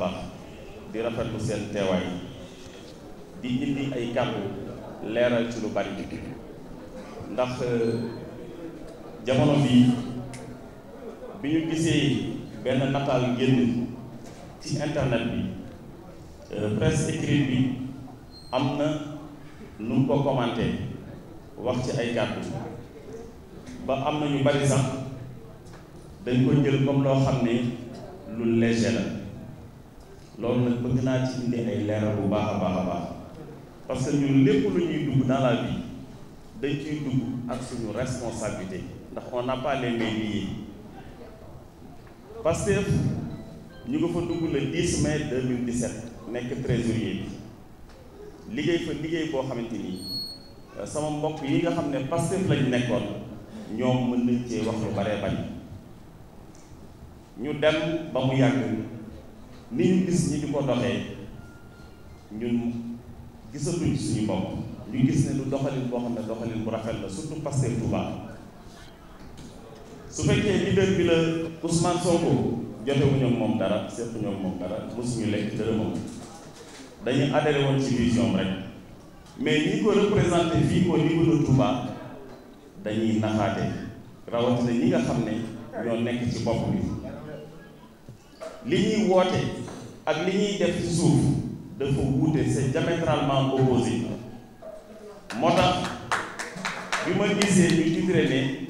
baax di rafetlu seen teewaay di indi ay kàddu leeral ci lu bari ndax euh, jamono bii bi ñu gisee benn nataal génn ci internet bi euh, presse écrite bi am na nu mu ko commenté wax ci ay kàddu ba am na ñu bari sax dañ ko jël comme loo xam ne lu léger la loolu nag bëgg naa ci indi ay leeral bu baax a baax a baax parce que ñun lépp lu ñuy dugg dans la vie dañ ciy dugg ak suñu responsabilité ndax on n'a pas les mains liées ñu nga fa dugg le 10 mai 2017 nekk trésorier bi liggéey fa liggéey boo xamante ni euh, sama mbokk yi nga xam ne Pastef lañ nekkoon ñoom mën nañ cee wax lu baree bañ ñu dem ba mu yàgg. ni ñu gis ñi di ko doxee ñun gisatuñ suñu bopp ñu gis ne lu doxalin boo xam ne doxalin bu rafet la surtout Pastef Touba su fekkee leader bi la Ousmane Sonko jotewuñu ak moom dara seetuñu moom dara mosuñu lekk dërëmam dañu adhéré ci vision rek mais ñi ko représenté fii au niveau de Touba dañuy naxaate rawatina ñi nga xam ne ñoo nekk ci bopp bi li ñuy woote ak li ñuy def suuf dafa wuute c'est diamétralement opposé moo tax bi ma gisee ñu titré ne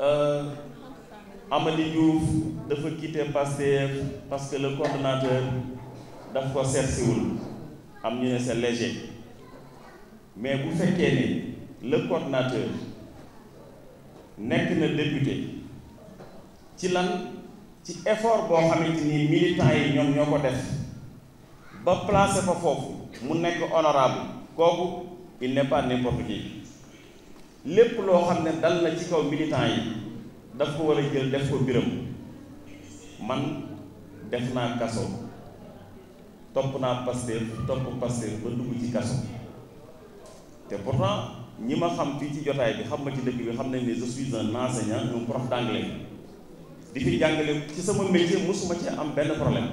euh, Amady Diouf dafa quitté Pastef parce que le coordonnateur ko seetsiwul am ñu ne c'est léger mais bu fekkee ne le coordonnateur nekk na député ci lan ci effort boo xamante nii militants yi ñoom ñoo ko def ba placé fa foofu mu nekk honorable kooku il n'est pas n'importe qui lépp loo xam ne dal la ci kaw militants yi daf ko war a jël def ko mbiram man def naa kaso topp naa Pastef topp Pastef ba dugg ci kaso te pourtant ñi ma xam fii ci jotaay bi xam ma ci dëkk bi xam nañ ne je suis un enseignant un prof d'anglais di fi jàngale ci sama métier mosuma ci am benn problème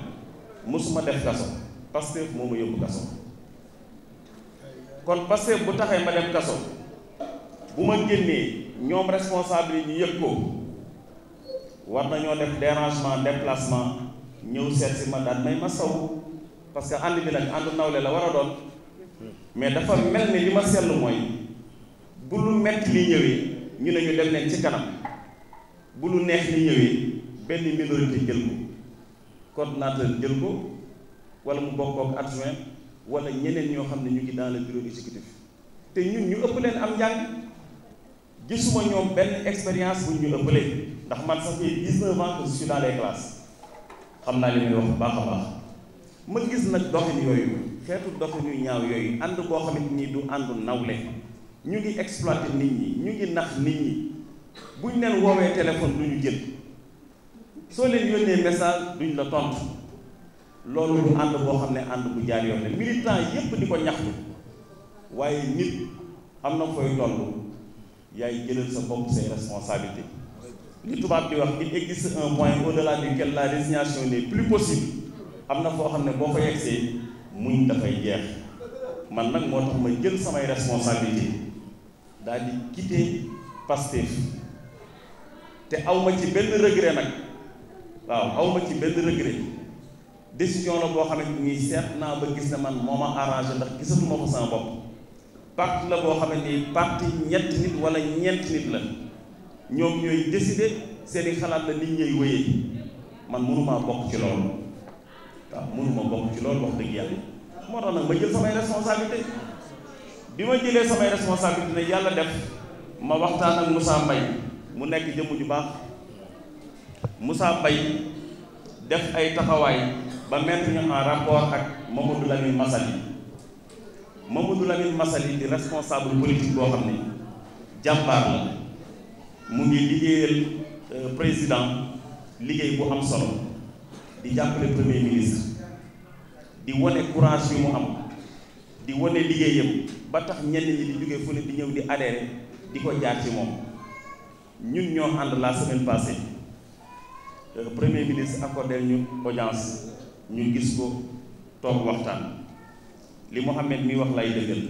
mosuma def kaso Pastef moo ma yóbbu kaso kon Pastef bu taxee ma dem kaso bu ma génnee ñoom responsable yi ñu yëg ko war nañoo def dérangement déplacement ñëw seet si ma daan may ma saw parce que ànd bi nag àndu nawle la war a doon mais dafa mel ni li ma seetlu mooy bu lu metti li ñëwee ñu ne ñu dem leen ci kanam bu lu neex li ñëwee benn minorité jël ko coordonnateur jël ko wala mu bokkook adjoint wala ñeneen ñoo xam ne ñu ngi dans le bureau te ñun ñu ëpp leen am njàng gisuma ñoom benn expérience bu ñu ëppale ndax man ça fait 19 ans que xam naa li may wax bu baax a baax ma gis nag doxin yooyu xeetu doxin yu ñaaw yooyu ànd boo xamante ni du ànd nawle ñu ngi exploiter nit ñi ñu ngi nax nit ñi bu ñu leen woowee téléphone du ñu jël soo leen yónnee message duñ la tontu loolu lu ànd boo xam ne ànd bu jaar yoon la militant yépp di ko ñaxtu waaye nit am na koy toll yaay jëlal sa bopp say responsabilité li tubaab di wax il existe un point au-delà duquel la résignation n'est plus possible am na foo xam ne boo ko yegsee muñ dafay jeex man nag moo tax ma jël samay responsabilité daal di quitter Pastef te awma ci benn regret nag waaw awma ci benn regret décision la boo xamante ni seet naa ba gis ne man moom a arrangé ndax gisatuma ko sama bopp parti la boo xamante ni parti ñett nit wala ñeent nit la ñoom ñooy décider seeni xalaat la nit ñuy wéyee man mënumaa bokk ci loolu waaw mënuma bokk ci loolu wax dëgg yàlla moo tax nag ma jël samay responsabilité bi ma jëlee samay responsabilité ne yàlla dem ma waxtaan ak Moussa Mbaye mu nekk jëmm ju baax Moussa Mbaye def ay taxawaay ba mettre ñu en rapport ak Mamadou Lamine Massaly Mamadou Lamine Massaly di responsable politique boo xam ne jàmbaar la mu ngi liggéeyal euh, président liggéey bu am solo di jàppale premier ministre di wane courage yu mu am di wane liggéeyam ba tax ñenn ñi di jóge fu ne di ñëw di adhéré di ko jaar ci moom ñun ñoo ànd la semaine passée premier ministre accordé ñu audience ñu gis ko toog waxtaan li Mouhamed mi wax lay dëggal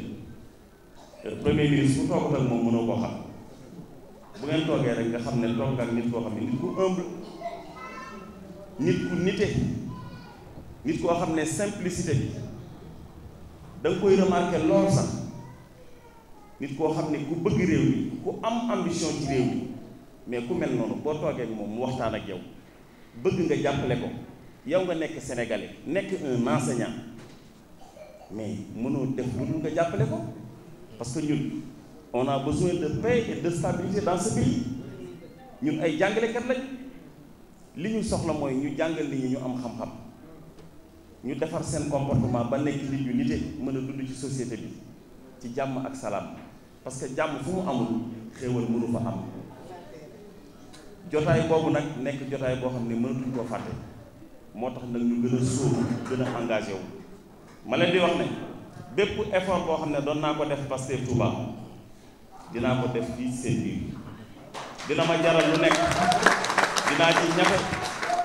premier ministre bu toogut ak moom mënoo koo xam bu toogee rek nga xam ne toog ak nit koo xam ne nit ku humble nit ku nite nit koo xam ne simplicité bi da nga koy remarqué lool sax nit koo xam ne ku bëgg réew mi ku am ambition ci réew mais ku mel noonu boo toogee moom mu waxtaan ak yow bëgg nga jàppale ko yow nga nekk sénégalais nekk un enseignant mais mënoo def lu nga jàppale ko parce que ñun on ba besoin de paix et de stabilité dans ce pays ñun ay jàngalekat lañ li ñu soxla mooy ñu jàngal nit ñu am xam-xam ñu defar seen comportement ba nekk nit yu nite mën a dund ci société bi ci jàmm ak salaam parce que jàmm fu mu amul xéewal mënu fa am jotaay boobu nag nekk jotaay boo xam ne mënatuñ koo fàtte moo tax nag ñu gën a sóobu gën a engagé wu leen di wax ne bépp effort boo xam ne doon naa ko def Pastef Touba dinaa ko def fii seen biir dina ma jaral lu nekk dinaa ci ñafe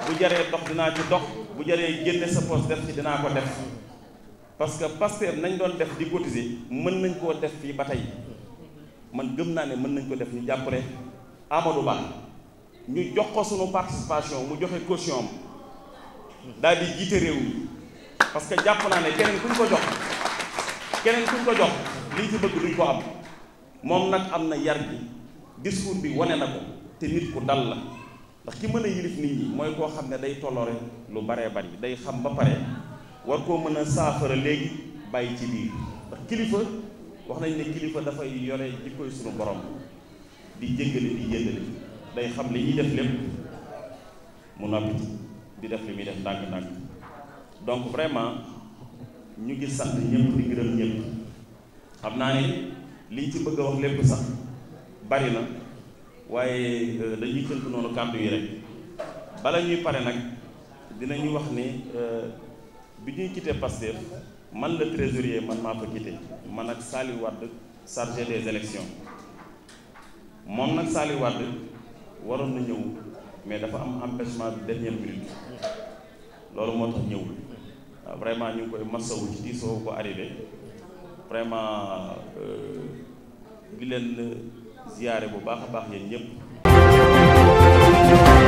bu jaree dox dinaa ci dox bu jaree génne sa poste def ci dinaa ko def parce que Pastef nañ doon def di cotiser mën nañ koo def fii ba tey man gëm naa ne mën nañ ko def ñu jàppale Amadou Ba ñu jox ko sunu participation mu joxe caution am daal di jiite réew mi parce que jàpp naa ne keneen kuñ ko jox keneen kuñ ko jox liñ ci ko am moom nag am na yar bi discours bi wane na ko te nit ku dal la ndax ki mën a yilif nit ñi mooy koo xam ne day tolloore lu baree bari day xam ba pare war koo mën a saafara léegi bàyyi ci biir ndax kilifa wax nañ ne kilifa dafay yore jikkoy sunu borom di jéggale di yëngale. day xam li ñuy def lépp mu noppi di def li muy def ndànk-ndànk donc vraiment ñu gis sant ñëpp di gërëm ñëpp xam naa ni lii ci bëgg a wax lépp sax bari na waaye euh, dañuy tënk noonu kàddu yi rek bala ñuy pare nag dinañu wax ne euh, bi ñuy quitté Pastef man la trésorier man maa ko quitté man ak Saliou Wade chargé des élections moom nag Saliou Wade waroon na ñëw mais dafa am empêchement de dernière minute loolu moo tax ñëwul ah, vraiment ñu ngi koy masawu ci diisoo ko arrivé vraiment euh, di leen ziyaare bu baax a baax yéen ñëpp.